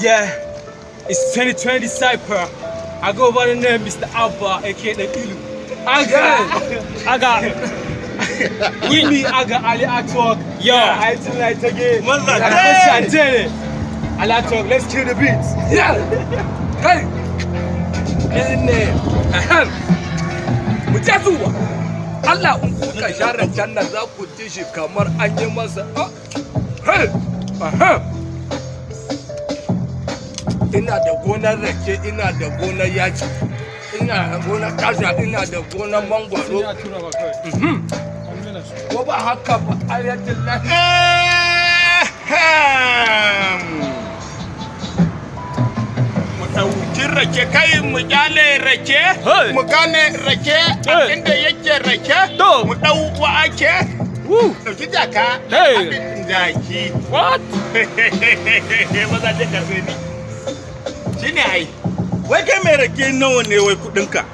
Yeah, it's 2020 Cypher. I go by the name Mr. Abba, aka the Ilu. Aga! Aga! We me, Aga Ali Atwok. Yo! Yeah, I you again. Mother, I tell you. Ali Atwok, let's kill the beats. Yeah! Hey! His name. Ahem! Mujazuwa! Allah, kuka share janna za ku ji shi kamar an yi masa. Oh. Hey! Ahem! ina da gonar rake ina da gonar yaji ina da gonar kaza ina da gonar mangwaro mhm. ko ba haka ba ayatul eh, mu ɗauki rake kai mu kyale rake mu gane rake inda yake rake mu ɗau wa ake ɗauki jaka abin jaki what maza je ka sai ai wai kai mai rake nawa ne wai kuɗinka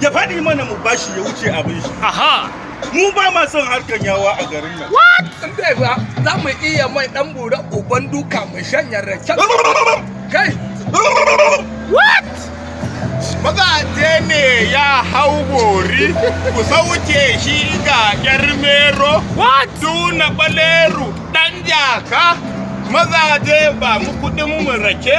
ya faɗi mana mu bashi ya wuce abin shi aha mu ba ma son harkan yawa a garin nan what dai ba za mu iya mai dan bura uban duka mu shanya rake kai what Mazaje ne ya hau gori, ku sauke shi ga ƴar mero, tuna baleru ɗan jaka, mazaje ba mu kuɗin mu rake,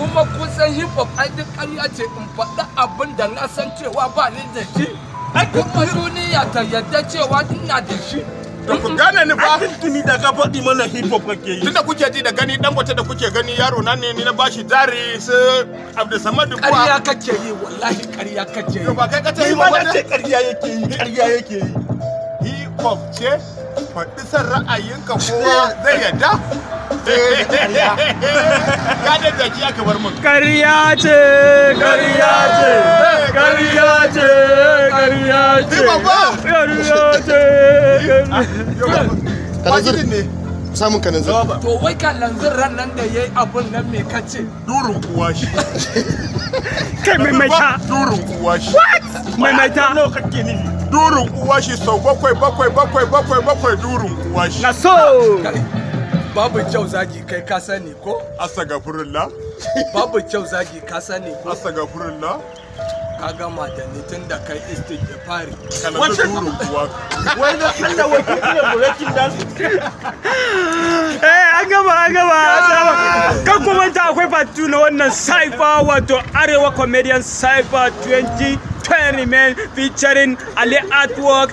kuma kusan hip hop ai duk ƙarya ce in faɗi abin da na san cewa ba ni da shi kuma duniya ta yadda cewa ina da shi da ku gane ni ba tuni da ka faɗi mana hip hop kake yi tunda kuke ji da gani dan wata da kuke gani yaro na ne ni na bashi dare su samad kuwa ƙarya kake yi wallahi ƙarya kake yi ba kai ka ce hip hop ce ƙarya yake yi ƙarya yake yi hip hop ce faɗi san ra'ayinka kowa zai yadda ka da jaki aka bar mun ce kariya ce kariya ce kariya ce ce ce samun kanin zan to wai kanin zan ran nan da yayi abun nan me kace durun kuwa shi kai mai mai ta durun kuwa shi mai mai ta no kake ni durun kuwa shi sau bakwai bakwai bakwai bakwai bakwai durun kuwa shi na so babu kyau zagi kai ka sani ko asagafurullah babu kyau zagi ka sani ko asagafurullah ka gama da ni tun da kai istik da fari wacce kuwa wai na Allah wai ki iya breaking dance eh an gama an gama kan kuma ta akwai part na wannan cypher wato arewa comedian cypher 2020 man featuring Ali Artwork